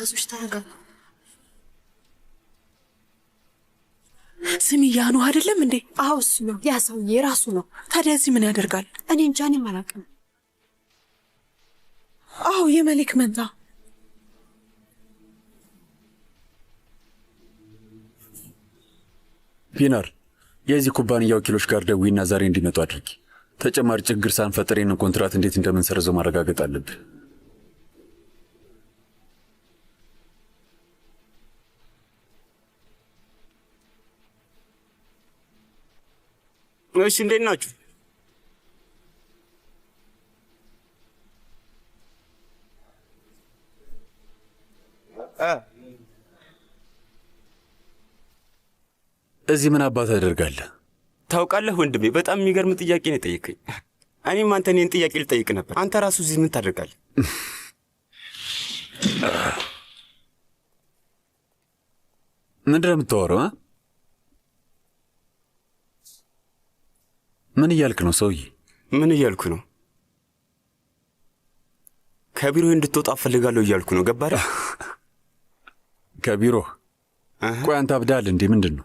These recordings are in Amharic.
አይዞሽ ተረጋጋ። ስሚ ያኑ አይደለም እንዴ? አዎ እሱ ነው። ያ ሰውዬ ራሱ ነው። ታዲያ እዚህ ምን ያደርጋል? እኔ እንጃ፣ እኔም አላውቅም። አዎ የመሌክ መንታ ፒናር የዚህ ኩባንያ ወኪሎች ጋር ደዊና ዛሬ እንዲመጡ አድርጊ። ተጨማሪ ችግር ሳንፈጥር ይህንን ኮንትራት እንዴት እንደምንሰርዘው ማረጋገጥ አለብህ። እሺ፣ እንዴት ናችሁ? እዚህ ምን አባት አደርጋለህ? ታውቃለህ ወንድሜ፣ በጣም የሚገርም ጥያቄ ነው የጠየቀኝ። እኔም አንተ እኔን ጥያቄ ልጠይቅ ነበር። አንተ ራሱ እዚህ ምን ታደርጋለህ? ምንድን ነው የምታወራው? ምን እያልክ ነው ሰውዬ? ምን እያልኩ ነው? ከቢሮ እንድትወጣ እፈልጋለሁ እያልኩ ነው። ገባህ? ከቢሮ ቆይ፣ አንተ አብዳል እንዴ? ምንድን ነው?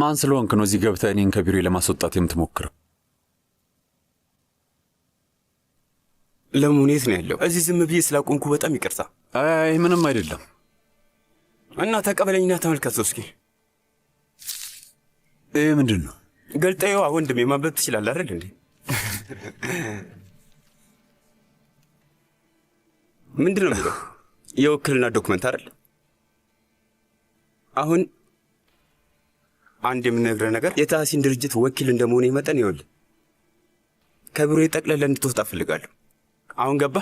ማን ስለሆንክ ነው እዚህ ገብተህ እኔን ከቢሮ ለማስወጣት የምትሞክረው? ለመሆኑ የት ነው ያለው? እዚህ ዝም ብዬ ስላቆንኩ በጣም ይቅርታ። አይ ምንም አይደለም። እና ተቀበለኝና ተመልከተው እስኪ። ይህ ምንድን ነው? ገልጠዋ ወንድሜ ማንበብ ትችላለህ አይደል እንዴ? ምንድን ነው የሚለው? የውክልና ዶክመንት አይደል? አሁን አንድ የምነግረህ ነገር የታህሲን ድርጅት ወኪል እንደመሆን መጠን ይወል ከቢሮ ጠቅለለ እንድትወጣ እፈልጋለሁ። አሁን ገባ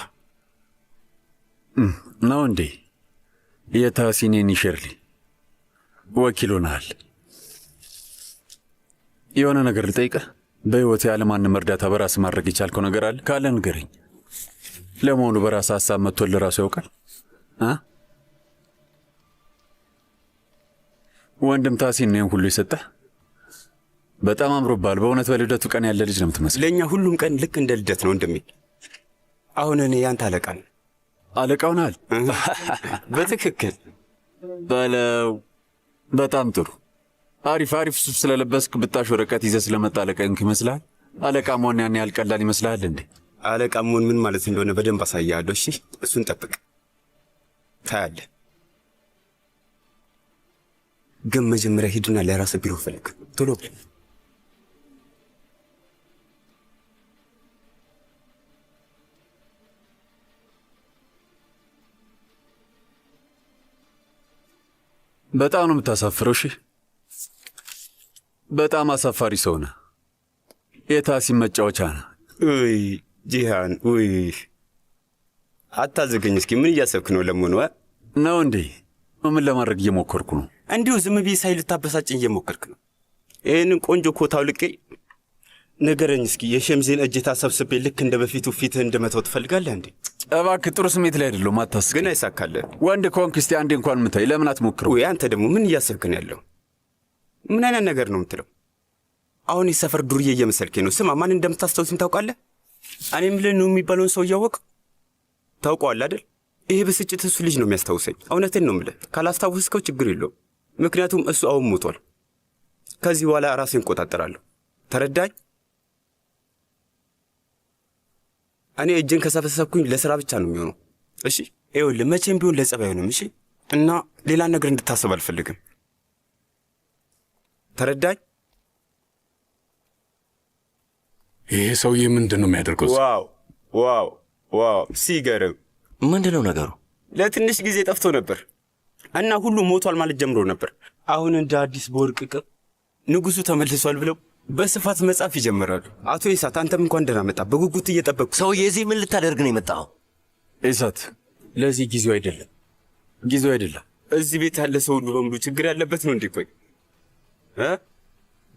ነው እንዴ? የታህሲን ኒሸርሊ ወኪል ሆነሃል። የሆነ ነገር ልጠይቀ በህይወት ያለማንም እርዳታ በራስ ማድረግ የቻልከው ነገር አለ ካለ ንገረኝ። ለመሆኑ በራስ ሀሳብ መጥቶል ለራሱ ያውቃል? ወንድም ታሲን ነው ሁሉ የሰጠህ። በጣም አምሮብሃል። በእውነት በልደቱ ቀን ያለ ልጅ ነው የምትመስለው። ለእኛ ሁሉም ቀን ልክ እንደ ልደት ነው ወንድሜ። አሁን እኔ ያንተ አለቃ ነኝ። በትክክል በለው። በጣም ጥሩ አሪፍ አሪፍ ሱፍ ስለለበስክ ብጣሽ ወረቀት ይዘህ ስለመጣ አለቀንክ ይመስልሃል? አለቃ መሆን ያን ያህል ቀላል ይመስልሃል እንዴ? አለቃ መሆን ምን ማለት እንደሆነ በደንብ አሳያለሁ። እሺ፣ እሱን ጠብቅ ታያለህ። ግን መጀመሪያ ሂድና ለራስ ቢሮ ፈለግ ቶሎ በጣም ነው የምታሳፍረው። እሺ በጣም አሳፋሪ ሰው ነህ። የታሲም መጫወቻ ነህ። ውይ ጂሃን፣ ውይ አታዘገኝ። እስኪ ምን እያሰብክ ነው? ለመሆኑ ነው እንዴ? ምን ለማድረግ እየሞከርኩ ነው? እንዲሁ ዝም ብዬ ሳይ ልታበሳጭኝ እየሞከርክ ነው። ይህንን ቆንጆ ኮታው አውልቄ ነገረኝ እስኪ፣ የሸምዜን እጀታ ሰብስቤ ልክ እንደ በፊቱ ፊትህ እንደመተው ትፈልጋለህ እንዴ? እባክህ ጥሩ ስሜት ላይ አይደለሁም። አታስብ። ግን አይሳካልህ። ወንድ ከሆንክ እስቲ አንዴ እንኳን ምታይ፣ ለምን አትሞክረው? አንተ ደግሞ ምን እያሰብክን ያለው ምን አይነት ነገር ነው የምትለው? አሁን የሰፈር ዱርዬ እየመሰልኬ ነው። ስማ፣ ማን እንደምታስታውስም ታውቃለህ? እኔ የምልህ ነው የሚባለውን ሰው እያወቅ ታውቀዋል አይደል? ይሄ ብስጭት እሱ ልጅ ነው የሚያስታውሰኝ። እውነትን ነው የምልህ። ካላስታወስከው ችግር የለውም፣ ምክንያቱም እሱ አሁን ሞቷል። ከዚህ በኋላ ራሴን እንቆጣጠራለሁ። ተረዳኝ። እኔ እጅን ከሰበሰብኩኝ ለስራ ብቻ ነው የሚሆነው። እሺ፣ ይኸውልህ መቼም ቢሆን ለጸብ አይሆንም። እሺ። እና ሌላ ነገር እንድታስብ አልፈልግም። ተረዳኝ። ይሄ ሰውዬ ምንድን ነው የሚያደርገው? ዋው ዋው ዋው! ሲገርም! ምንድን ነው ነገሩ? ለትንሽ ጊዜ ጠፍቶ ነበር እና ሁሉም ሞቷል ማለት ጀምሮ ነበር። አሁን እንደ አዲስ በወርቅ ቅብ ተመልሷል ብለው በስፋት መጻፍ ይጀምራሉ። አቶ ኢሳት አንተም እንኳን ደህና መጣ፣ በጉጉት እየጠበቅኩ። ሰውዬ እዚህ ምን ልታደርግ ነው የመጣው? ኢሳት ለዚህ ጊዜው አይደለም፣ ጊዜው አይደለም። እዚህ ቤት ያለ ሰው ሁሉ በሙሉ ችግር ያለበት ነው እንዲቆይ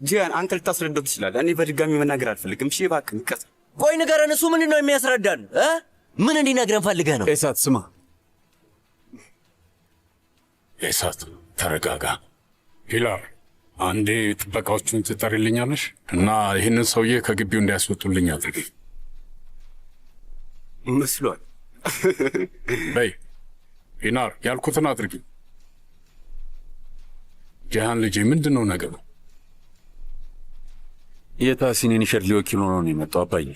ጂያን አንተ ልታስረዳው ትችላለህ። እኔ በድጋሚ መናገር አልፈልግም። እሺ እባክህ ንቀስ። ቆይ ንገረን፣ እሱ ምንድን ነው የሚያስረዳን? ምን እንዲነግረን ፈልገህ ነው? ኤሳት ስማ፣ ኤሳት ተረጋጋ። ሂላር አንዴ ጥበቃዎቹን ትጠሪልኛለሽ እና ይህንን ሰውዬ ከግቢው እንዳያስወጡልኝ አድርግ። መስሏል። በይ ሂናር ያልኩትን አድርግኝ። ጃሃን ልጄ ምንድን ነው ነገሩ? የታሲንን ሸር ሊወኪል ሆኖ ነው የመጣው አባዬ።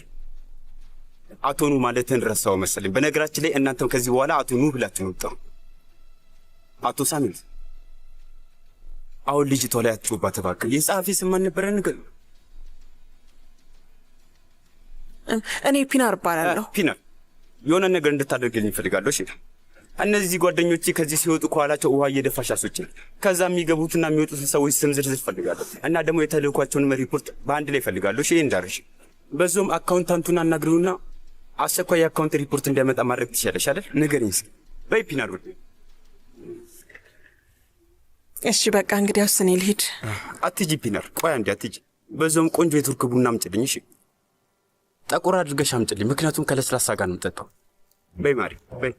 አቶ ኑ ማለትን ረሳው መሰለኝ። በነገራችን ላይ እናንተም ከዚህ በኋላ አቶ ኑ ብላችሁ ነው የምትጠሩ። አቶ ሳሚት አሁን ልጅቷ ላይ አትጩባት እባክህ። የጸሐፊ ስም ማን ነበረ? ንገር። እኔ ፒናር እባላለሁ። ፒናር የሆነ ነገር እንድታደርግልኝ እፈልጋለሁ። እሺ እነዚህ ጓደኞቼ ከዚህ ሲወጡ ከኋላቸው ውሃ እየደፋሽ አስወጪኝ። ከዛ የሚገቡትና የሚወጡትን ሰዎች ስም ዝርዝር እፈልጋለሁ እና ደግሞ የተልእኳቸውንም ሪፖርት በአንድ ላይ እፈልጋለሁ። እሺ እንዳርሽ። በዚሁም አካውንታንቱን አናግሪውና አስቸኳይ የአካውንት ሪፖርት እንዲያመጣ ማድረግ ትችያለሽ አይደል? ንገሪኝ እስኪ በይ ፒናል። እሺ በቃ እንግዲህ እኔ ልሂድ። አትጂ ፒናር፣ ቆይ አንዴ አትጂ። በዞም ቆንጆ የቱርክ ቡና አምጪልኝ። እሺ ጠቁር አድርገሽ አምጪልኝ፣ ምክንያቱም ከለስላሳ ጋር ነው የምጠጣው። በይ ማሪ በይ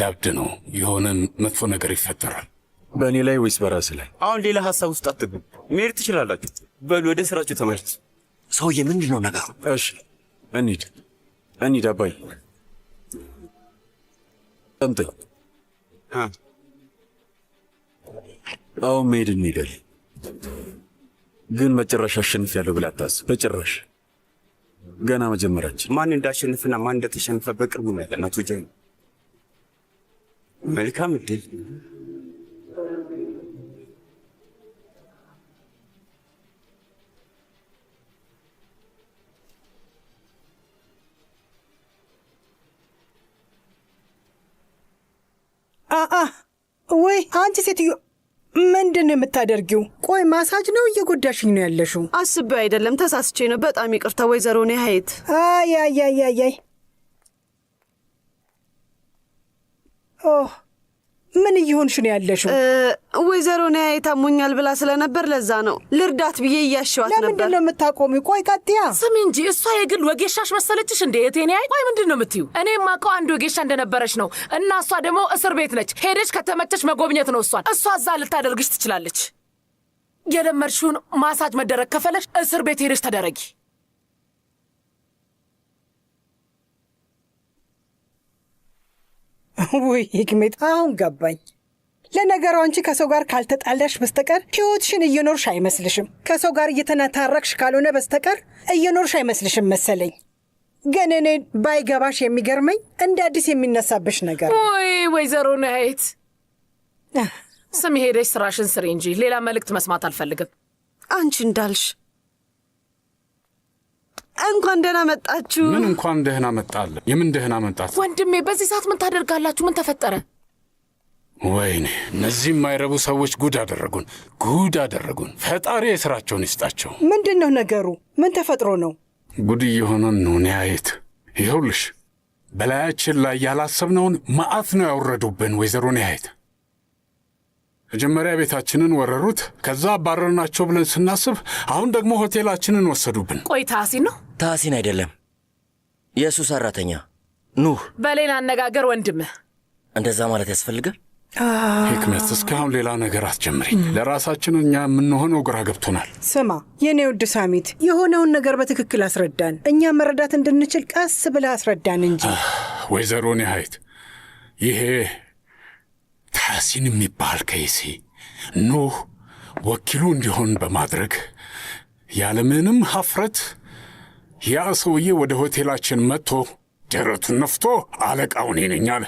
ላብድ ነው የሆነን መጥፎ ነገር ይፈጠራል። በእኔ ላይ ወይስ በራስ ላይ? አሁን ሌላ ሀሳብ ውስጥ አትግቡ። መሄድ ትችላላችሁ። በሉ ወደ ስራችሁ ተመልሱ። ሰውዬ ምንድን ነው ነገሩ? እሺ እንሂድ፣ እንሂድ። አባይ ጠምጠኝ። አሁን መሄድ እንሄዳለን፣ ግን መጨረሻ አሸንፍ ያለው ብላ አታስብ። በጭራሽ ገና መጀመራችን። ማን እንዳሸንፍና ማን እንደተሸንፈ በቅርቡ ነው ያለናቱ መልካም እድል። ወይ አንቺ ሴትዮ ምንድን ነው የምታደርጊው? ቆይ ማሳጅ ነው እየጎዳሽኝ ነው ያለሽው? አስቤ አይደለም ተሳስቼ ነው። በጣም ይቅርታ ወይዘሮ ኔ ሀይት አያያያያይ ምን እየሆንሽ ነው ያለሽው? ወይዘሮ ኒያዬ የታሞኛል ብላ ስለነበር ለዛ ነው ልርዳት ብዬ እያሸዋት ነበር። ለምንድን ነው የምታቆሚ? ቆይ ቀጥያ ስሚ እንጂ እሷ የግል ወጌሻሽ መሰለችሽ እንዴ? እቴ ኒያዬ ቆይ ምንድን ነው የምትዩ? እኔ ማቀው አንድ ወጌሻ እንደነበረች ነው እና እሷ ደግሞ እስር ቤት ነች። ሄደች ከተመቸች መጎብኘት ነው እሷን። እሷ እዛ ልታደርግሽ ትችላለች። የለመድሽውን ማሳጅ መደረግ ከፈለሽ እስር ቤት ሄደች ተደረጊ። ውይ ሂክሜት፣ አሁን ገባኝ። ለነገሩ አንቺ ከሰው ጋር ካልተጣላሽ በስተቀር ሕይወትሽን እየኖርሽ አይመስልሽም። ከሰው ጋር እየተነታረክሽ ካልሆነ በስተቀር እየኖርሽ አይመስልሽም መሰለኝ። ግን እኔ ባይገባሽ የሚገርመኝ እንደ አዲስ የሚነሳብሽ ነገር ወይ ወይዘሮ ናየት፣ ስም ሄደሽ ስራሽን ስሪ እንጂ ሌላ መልእክት መስማት አልፈልግም። አንቺ እንዳልሽ እንኳን ደህና መጣችሁ። ምን እንኳን ደህና መጣለ? የምን ደህና መምጣት? ወንድሜ በዚህ ሰዓት ምን ታደርጋላችሁ? ምን ተፈጠረ? ወይኔ እነዚህ የማይረቡ ሰዎች ጉድ አደረጉን፣ ጉድ አደረጉን። ፈጣሪ የሥራቸውን ይስጣቸው። ምንድን ነው ነገሩ? ምን ተፈጥሮ ነው? ጉድ እየሆነን ነው። ይኸውልሽ፣ በላያችን ላይ ያላሰብነውን መዓት ነው ያወረዱብን። ወይዘሮ ኒያየት መጀመሪያ ቤታችንን ወረሩት፣ ከዛ አባረርናቸው ብለን ስናስብ አሁን ደግሞ ሆቴላችንን ወሰዱብን። ቆይ ታህሲን ነው? ታሲን አይደለም፣ የእሱ ሰራተኛ ኑህ። በሌላ አነጋገር ወንድምህ። እንደዛ ማለት ያስፈልጋል? ህክመት እስካሁን ሌላ ነገር አስጀምሪኝ ለራሳችን እኛ የምንሆነው ግራ ገብቶናል። ስማ የኔ ውድ ሳሚት፣ የሆነውን ነገር በትክክል አስረዳን፣ እኛ መረዳት እንድንችል ቀስ ብለህ አስረዳን እንጂ። ወይዘሮ ኒሃይት ይሄ ሐሲን የሚባል ከይሲ ኑህ ወኪሉ እንዲሆን በማድረግ ያለምንም ሀፍረት ያ ሰውዬ ወደ ሆቴላችን መጥቶ ደረቱን ነፍቶ አለቃው እኔ ነኝ አለ።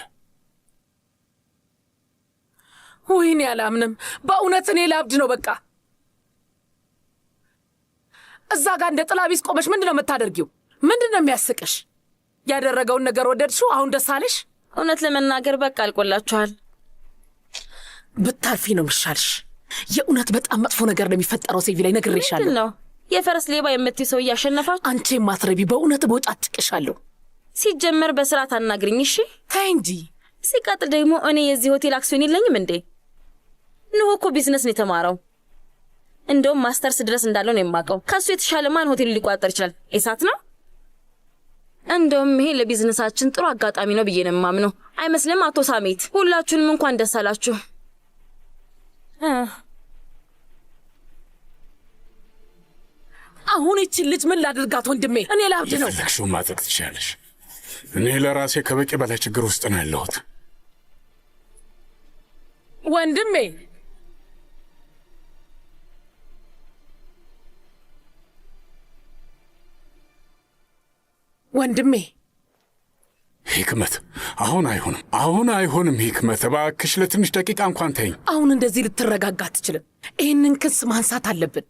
ወይኔ አላምንም። በእውነት እኔ ላብድ ነው። በቃ እዛ ጋር እንደ ጥላ ቢስ ቆመሽ ምንድን ነው የምታደርጊው? ምንድን ነው የሚያስቅሽ? ያደረገውን ነገር ወደድሽው? አሁን ደስ አለሽ? እውነት ለመናገር በቃ አልቆላችኋል። ብታርፊ ነው ምሻልሽ። የእውነት በጣም መጥፎ ነገር ነው የሚፈጠረው። ሴቪ ላይ ነግሬሻለሁ ነው የፈረስ ሌባ የምትይ ሰው እያሸነፋች አንቺ ማትረቢ በእውነት ቦጫ አትቅሻለሁ። ሲጀመር በስርዓት አናግርኝ እሺ። ተይ እንጂ። ሲቀጥል ደግሞ እኔ የዚህ ሆቴል አክሲዮን የለኝም እንዴ? ንሆ እኮ ቢዝነስ ነው የተማረው እንደውም ማስተርስ ድረስ እንዳለው ነው የማውቀው። ከእሱ የተሻለ ማን ሆቴል ሊቆጣጠር ይችላል? እሳት ነው። እንደውም ይሄ ለቢዝነሳችን ጥሩ አጋጣሚ ነው ብዬ ነው የማምነው። አይመስልም አቶ ሳሜት? ሁላችሁንም እንኳን ደስ አላችሁ። አሁን ይችን ልጅ ምን ላድርጋት ወንድሜ? እኔ ላብድ ነው። የፈለግሽውን ማድረግ ትችላለሽ። እኔ ለራሴ ከበቂ በላይ ችግር ውስጥ ነው ያለሁት ወንድሜ። ወንድሜ ሂክመት፣ አሁን አይሆንም፣ አሁን አይሆንም። ሂክመት እባክሽ ለትንሽ ደቂቃ እንኳን ተይኝ። አሁን እንደዚህ ልትረጋጋ አትችልም። ይህንን ክስ ማንሳት አለብን።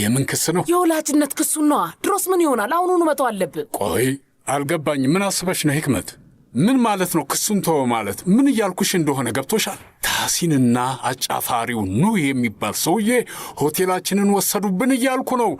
የምን ክስ ነው? የወላጅነት ክሱን ነዋ። ድሮስ ምን ይሆናል? አሁኑኑ መተው አለብን። ቆይ አልገባኝም። ምን አስበሽ ነው ሂክመት? ምን ማለት ነው? ክሱን ተወ ማለት ምን እያልኩሽ እንደሆነ ገብቶሻል? ታሲንና አጫፋሪው ኑ የሚባል ሰውዬ ሆቴላችንን ወሰዱብን እያልኩ ነው።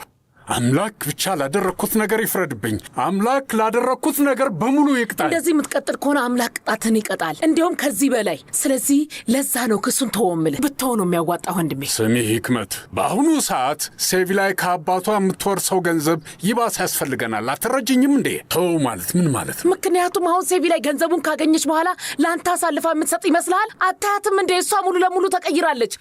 አምላክ ብቻ ላደረግኩት ነገር ይፍረድብኝ። አምላክ ላደረግኩት ነገር በሙሉ ይቅጣል። እንደዚህ የምትቀጥል ከሆነ አምላክ ቅጣትን ይቀጣል፣ እንዲሁም ከዚህ በላይ። ስለዚህ ለዛ ነው ክሱን ተወምልህ ብትሆ ነው የሚያዋጣ ወንድሜ። ስሚ ህክመት፣ በአሁኑ ሰዓት ሴቪ ላይ ከአባቷ የምትወርሰው ገንዘብ ይባስ ያስፈልገናል። አትረጅኝም እንዴ? ተው ማለት ምን ማለት ነው? ምክንያቱም አሁን ሴቪ ላይ ገንዘቡን ካገኘች በኋላ ለአንተ አሳልፋ የምትሰጥ ይመስልሃል? አታያትም እንዴ? እሷ ሙሉ ለሙሉ ተቀይራለች።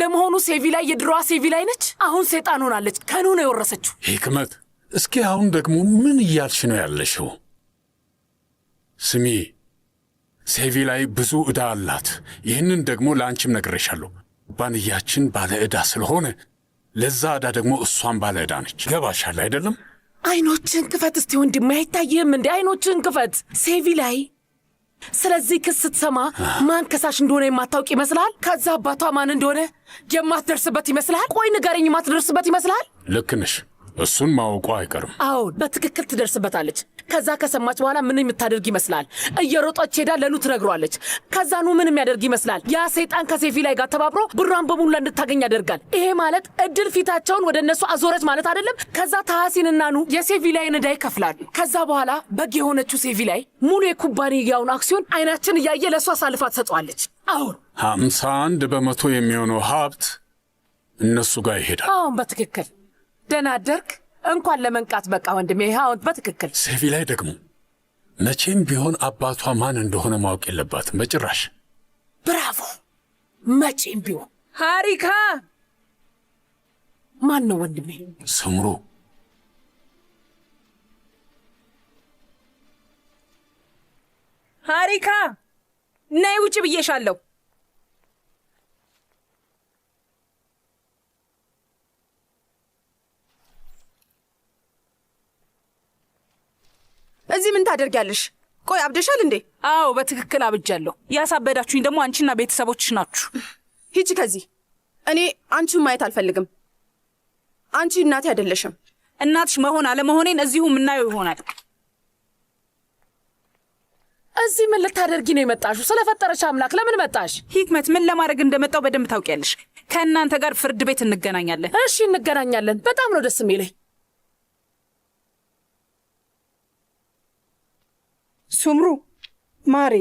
ለመሆኑ ሴቪ ላይ የድሮዋ ሴቪ ላይ ነች? አሁን ሴጣን ሆናለች። ከኑ ነው የወረሰችው። ሂክመት፣ እስኪ አሁን ደግሞ ምን እያልሽ ነው ያለሽው? ስሚ፣ ሴቪ ላይ ብዙ ዕዳ አላት። ይህንን ደግሞ ለአንቺም ነግሬሻለሁ። ኩባንያችን ባለ ዕዳ ስለሆነ ለዛ ዕዳ ደግሞ እሷም ባለ ዕዳ ነች። ገባሻል አይደለም? አይኖችን ክፈት እስቲ ወንድሜ፣ አይታይህም እንዴ? አይኖችን ክፈት ሴቪ ላይ ስለዚህ ክስ ስትሰማ ማን ከሳሽ እንደሆነ የማታውቅ ይመስልሃል? ከዛ አባቷ ማን እንደሆነ የማትደርስበት ይመስልሃል? ቆይ ንገረኝ፣ የማትደርስበት ይመስልሃል? ልክ ነሽ። እሱን ማወቁ አይቀርም። አዎን፣ በትክክል ትደርስበታለች። ከዛ ከሰማች በኋላ ምን የምታደርግ ይመስላል? እየሮጠች ሄዳ ለኑ ትነግሯለች። ከዛ ኑ ምን የሚያደርግ ይመስላል? ያ ሰይጣን ከሴፊ ላይ ጋር ተባብሮ ብሯን በሙላ እንድታገኝ ያደርጋል። ይሄ ማለት እድል ፊታቸውን ወደ እነሱ አዞረች ማለት አይደለም። ከዛ ታሐሲንና ኑ የሴፊ ላይ ዕዳ ይከፍላሉ። ከዛ በኋላ በግ የሆነችው ሴፊ ላይ ሙሉ የኩባንያውን አክሲዮን አይናችን እያየ ለእሱ አሳልፋ ትሰጠዋለች። አሁን ሀምሳ አንድ በመቶ የሚሆነው ሀብት እነሱ ጋር ይሄዳል። አሁን በትክክል ደህና አደርክ። እንኳን ለመንቃት በቃ ወንድሜ፣ ይኸውን በትክክል ሴቪ ላይ ደግሞ መቼም ቢሆን አባቷ ማን እንደሆነ ማወቅ የለባትም በጭራሽ። ብራቮ! መቼም ቢሆን ሀሪካ ማን ነው ወንድሜ? ስምሩ ሃሪካ ነይ ውጭ ብዬሻለሁ። እዚህ ምን ታደርጊያለሽ? ቆይ አብደሻል እንዴ? አዎ በትክክል አብጃለሁ። ያሳበዳችሁኝ ደግሞ አንቺና ቤተሰቦችሽ ናችሁ። ሂጂ ከዚህ። እኔ አንቺን ማየት አልፈልግም። አንቺ እናቴ አይደለሽም። እናትሽ መሆን አለመሆኔን እዚሁ የምናየው ይሆናል። እዚህ ምን ልታደርጊ ነው የመጣሹ? ስለፈጠረች አምላክ ለምን መጣሽ? ሂክመት፣ ምን ለማድረግ እንደመጣው በደንብ ታውቂያለሽ። ከእናንተ ጋር ፍርድ ቤት እንገናኛለን። እሺ እንገናኛለን። በጣም ነው ደስ የሚለኝ። ሱምሩ ማሬ፣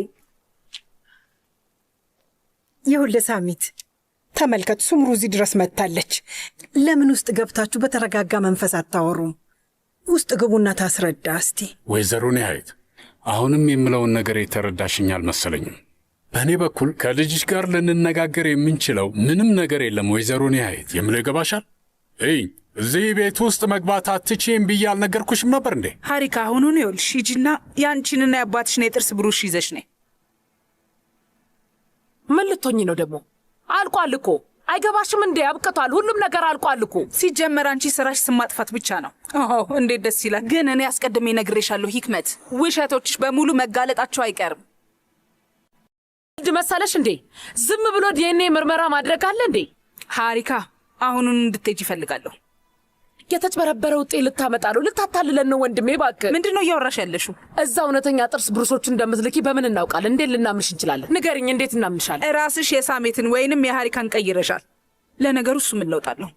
የሁለ ሳሚት ተመልከት፣ ሱምሩ እዚህ ድረስ መጥታለች። ለምን ውስጥ ገብታችሁ በተረጋጋ መንፈስ አታወሩም? ውስጥ ግቡና ታስረዳ እስቲ። ወይዘሮ ነሐይት፣ አሁንም የምለውን ነገር የተረዳሽኝ አልመሰለኝም። በእኔ በኩል ከልጅሽ ጋር ልንነጋገር የምንችለው ምንም ነገር የለም። ወይዘሮ ነሐይት የምለው ይገባሻል? እይ እዚህ ቤት ውስጥ መግባት አትችም ብዬ አልነገርኩሽም ነበር እንዴ? ሀሪካ አሁኑን ይኸውልሽ፣ ሂጂና የአንቺንና የአባትሽን የጥርስ ብሩሽ ይዘሽ ነይ። ምን ልትሆኚ ነው ደግሞ? አልቋል እኮ አይገባሽም እንዴ? አብቅቷል። ሁሉም ነገር አልቋል እኮ። ሲጀመር አንቺ ስራሽ ስም ማጥፋት ብቻ ነው። እንዴት ደስ ይላል። ግን እኔ አስቀድሜ ነግሬሻለሁ ሂክመት፣ ውሸቶችሽ በሙሉ መጋለጣቸው አይቀርም። ድ መሰለሽ እንዴ? ዝም ብሎ ዲኤንኤ ምርመራ ማድረግ አለ እንዴ? ሀሪካ፣ አሁኑን እንድትሄጂ ይፈልጋለሁ። የተጭበረበረ ውጤት ልታመጣ ነው። ልታታልለን ነው ወንድሜ፣ እባክህ። ምንድን ነው እያወራሽ ያለሽው? እዛ እውነተኛ ጥርስ ብሩሶች እንደምትልኪ በምን እናውቃለን? እንዴት ልናምንሽ እንችላለን? ንገርኝ፣ እንዴት እናምንሻለን? ራስሽ የሳሜትን ወይንም የሃሪካን ቀይረሻል። ለነገሩ እሱ ምን ለውጥ አለው?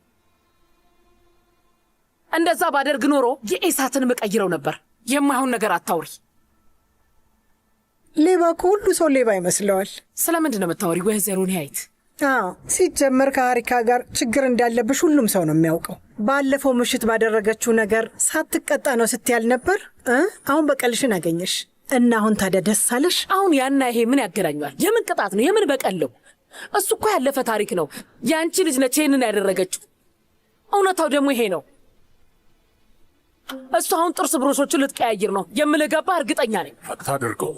እንደዛ ባደርግ ኖሮ የኤሳትን መቀይረው ነበር። የማይሆን ነገር አታውሪ። ሌባ እኮ ሁሉ ሰው ሌባ ይመስለዋል። ስለምንድን ነው የምታወሪ? ወይዘሮን ያይት አዎ ሲጀመር ከሀሪካ ጋር ችግር እንዳለብሽ ሁሉም ሰው ነው የሚያውቀው። ባለፈው ምሽት ባደረገችው ነገር ሳትቀጣ ነው ስትያል ነበር። አሁን በቀልሽን አገኘሽ እና አሁን ታዲያ ደስ አለሽ? አሁን ያና ይሄ ምን ያገናኘዋል? የምን ቅጣት ነው? የምን ነው? እሱ እኮ ያለፈ ታሪክ ነው። የአንቺ ልጅ ነች ይህንን ያደረገችው። እውነታው ደግሞ ይሄ ነው። እሱ አሁን ጥርስ ብሮሾቹን ልትቀያይር ነው የምልገባ እርግጠኛ ነኝ። ታደርገው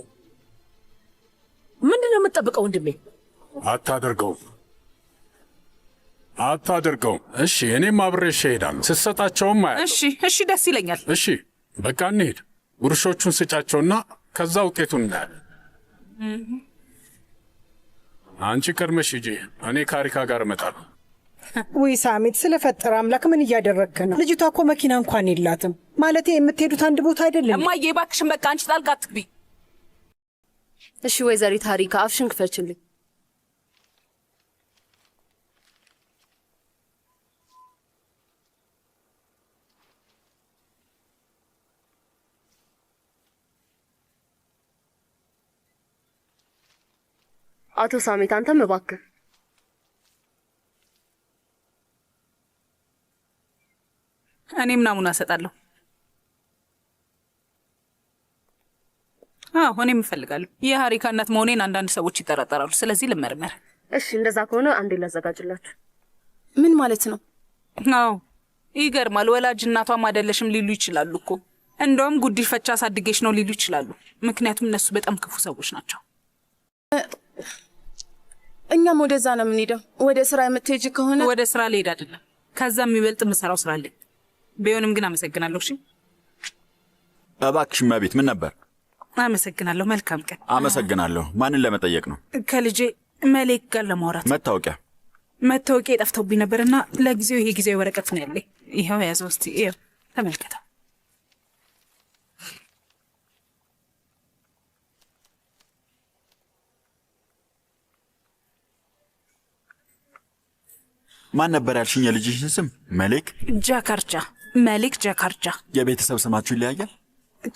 ምንድን ነው ወንድሜ? አታደርገውም አታደርገውም። እሺ፣ እኔም አብሬሽ እሄዳለሁ። ስትሰጣቸውም አያ እሺ፣ እሺ፣ ደስ ይለኛል። እሺ፣ በቃ እንሄድ። ጉርሾቹን ስጫቸውና ከዛ ውጤቱን እናያለን። አንቺ ቀድመሽ ሂጂ፣ እኔ ካሪካ ጋር እመጣለሁ። ውይ ሳሚት፣ ስለፈጠረ አምላክ ምን እያደረግክ ነው? ልጅቷ እኮ መኪና እንኳን የላትም። ማለቴ የምትሄዱት አንድ ቦታ አይደለም። እማዬ እባክሽን፣ በቃ አንቺ ጣልቃ አትግቢ። እሺ ወይዘሪት ታሪካ አፍሽን ክፈችልኝ። አቶ ሳሜት አንተም እባክህ እኔም ናሙና እሰጣለሁ። አዎ እኔም እፈልጋለሁ። የሀሪካ እናት መሆኔን አንዳንድ ሰዎች ይጠራጠራሉ። ስለዚህ ልመርመር። እሺ፣ እንደዛ ከሆነ አንዴ ላዘጋጅላችሁ። ምን ማለት ነው? አዎ ይገርማል። ወላጅ እናቷም አይደለሽም ሊሉ ይችላሉ እኮ እንደውም ጉዲፈቻ አሳድጌሽ ነው ሊሉ ይችላሉ። ምክንያቱም እነሱ በጣም ክፉ ሰዎች ናቸው። እኛም ወደዛ ነው የምንሄደው። ወደ ስራ የምትሄጅ ከሆነ ወደ ስራ ልሄድ አይደለም፣ ከዛ የሚበልጥ የምሰራው ስራ አለኝ። ቢሆንም ግን አመሰግናለሁ። እሺ እባክሽ እመቤት። ምን ነበር? አመሰግናለሁ። መልካም ቀን። አመሰግናለሁ። ማንን ለመጠየቅ ነው? ከልጄ መሌክ ጋር ለማውራት። መታወቂያ መታወቂያ የጠፍተውብኝ ነበርና ለጊዜው ይሄ ጊዜያዊ ወረቀት ነው ያለኝ። ይኸው ያዘው። እስኪ ይኸው ተመልከተው። ማን ነበር ያልሽኝ የልጅሽን ስም? መሌክ ጃካርቻ። መሌክ ጃካርቻ። የቤተሰብ ስማችሁ ይለያያል?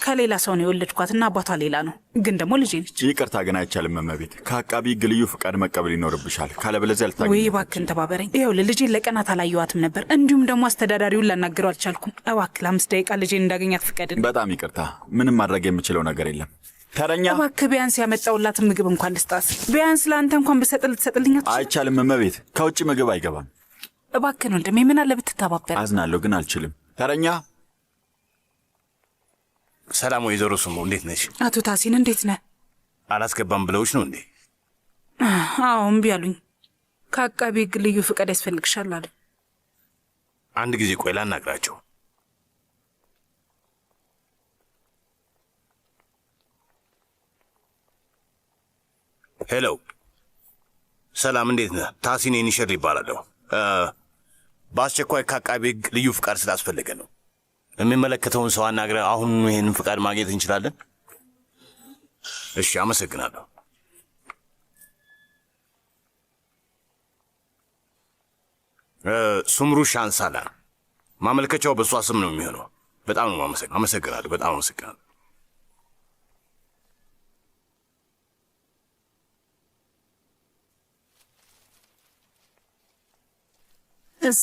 ከሌላ ሰው ነው የወለድኳት አባቷ ሌላ ነው፣ ግን ደግሞ ልጄ ነች። ይቅርታ ግን አይቻልም እመቤት። ከአቃቢ ሕግ ልዩ ፍቃድ መቀበል ይኖርብሻል፣ ካለበለዚያ ልታ ወይ እባክህን ተባበረኝ። ይኸውልህ ልጄን ለቀናት አላየኋትም ነበር፣ እንዲሁም ደግሞ አስተዳዳሪውን ላናግረው አልቻልኩም። እባክህ ለአምስት ደቂቃ ልጄን እንዳገኛት ፍቀድን። በጣም ይቅርታ፣ ምንም ማድረግ የምችለው ነገር የለም። ተረኛ እባክህ ቢያንስ ያመጣውላት ምግብ እንኳን ልስጣት። ቢያንስ ለአንተ እንኳን ብሰጥ ልትሰጥልኝ አይቻልም እመቤት። ከውጭ ምግብ አይገባም። እባክን ወንድሜ፣ ምን አለ ብትተባበር። አዝናለሁ ግን አልችልም። ተረኛ ሰላም፣ ወይዘሮ ስሙ፣ እንዴት ነሽ? አቶ ታሲን እንዴት ነህ? አላስገባም ብለውች ነው እንዴ? አዎ እምቢ አሉኝ። ከአቃቢ ህግ ልዩ ፍቃድ ያስፈልግሻል አሉ። አንድ ጊዜ ቆይ ላናግራቸው። ሄሎ፣ ሰላም እንዴት ነህ? ታሲን ኒሸር ይባላለሁ። በአስቸኳይ ከአቃቤ ህግ ልዩ ፍቃድ ስላስፈለገ ነው። የሚመለከተውን ሰው አናግረ አሁን ይህንን ፍቃድ ማግኘት እንችላለን? እሺ፣ አመሰግናለሁ። ሱምሩ ሻንሳላ ማመልከቻው በእሷ ስም ነው የሚሆነው። በጣም ነው አመሰግናለሁ። በጣም አመሰግናለሁ።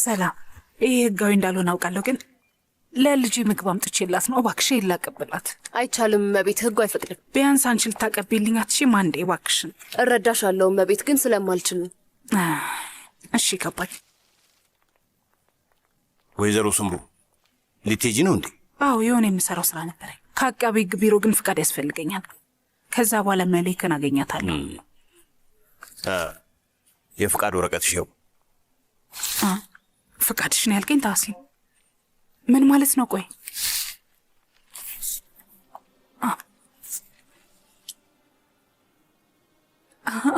ሰላም፣ ይሄ ህጋዊ እንዳልሆነ አውቃለሁ፣ ግን ለልጅ ምግብ አምጥቼላት ነው። እባክሽ ላቀብላት። አይቻልም እመቤት፣ ህጉ አይፈቅድም። ቢያንስ አንቺ ልታቀብልኝ አትችይም? አንዴ እባክሽን። እረዳሻለሁ እመቤት፣ ግን ስለማልችል እሺ ገባኝ። ወይዘሮ ስምሩ ልትሄጂ ነው እንዴ? አዎ፣ የሆነ የምሰራው ስራ ነበረ። ከአቃቢ ህግ ቢሮ፣ ግን ፍቃድ ያስፈልገኛል። ከዛ በኋላ መሌክን አገኛታለሁ። የፍቃድ ወረቀት ይኸው። ፍቃድሽ ነው ያልከኝ ታሲን፣ ምን ማለት ነው? ቆይ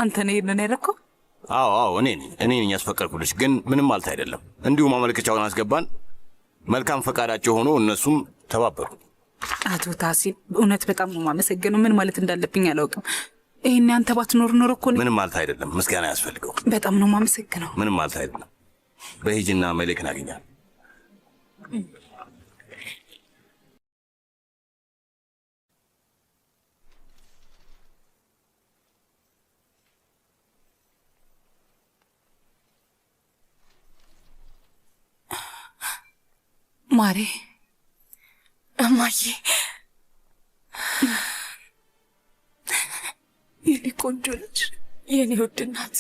አንተ ነው ይህንን ያደረግከው? አዎ አዎ፣ እኔ እኔ ነኝ ያስፈቀድኩልሽ። ግን ምንም ማለት አይደለም። እንዲሁ ማመልከቻውን አስገባን። መልካም ፈቃዳቸው ሆኖ እነሱም ተባበሩ። አቶ ታሲን፣ እውነት በጣም ነው የማመሰግነው። ምን ማለት እንዳለብኝ አላውቅም። ይህን አንተ ባትኖር ኖር እኮ ምንም ማለት አይደለም። ምስጋና ያስፈልገው። በጣም ነው የማመሰግነው። ምንም ማለት አይደለም። በሂጅና መልእክን አገኛል። ማሬ እማዬ የኔ ቆንጆ ልጅ የኔ ውድ እናት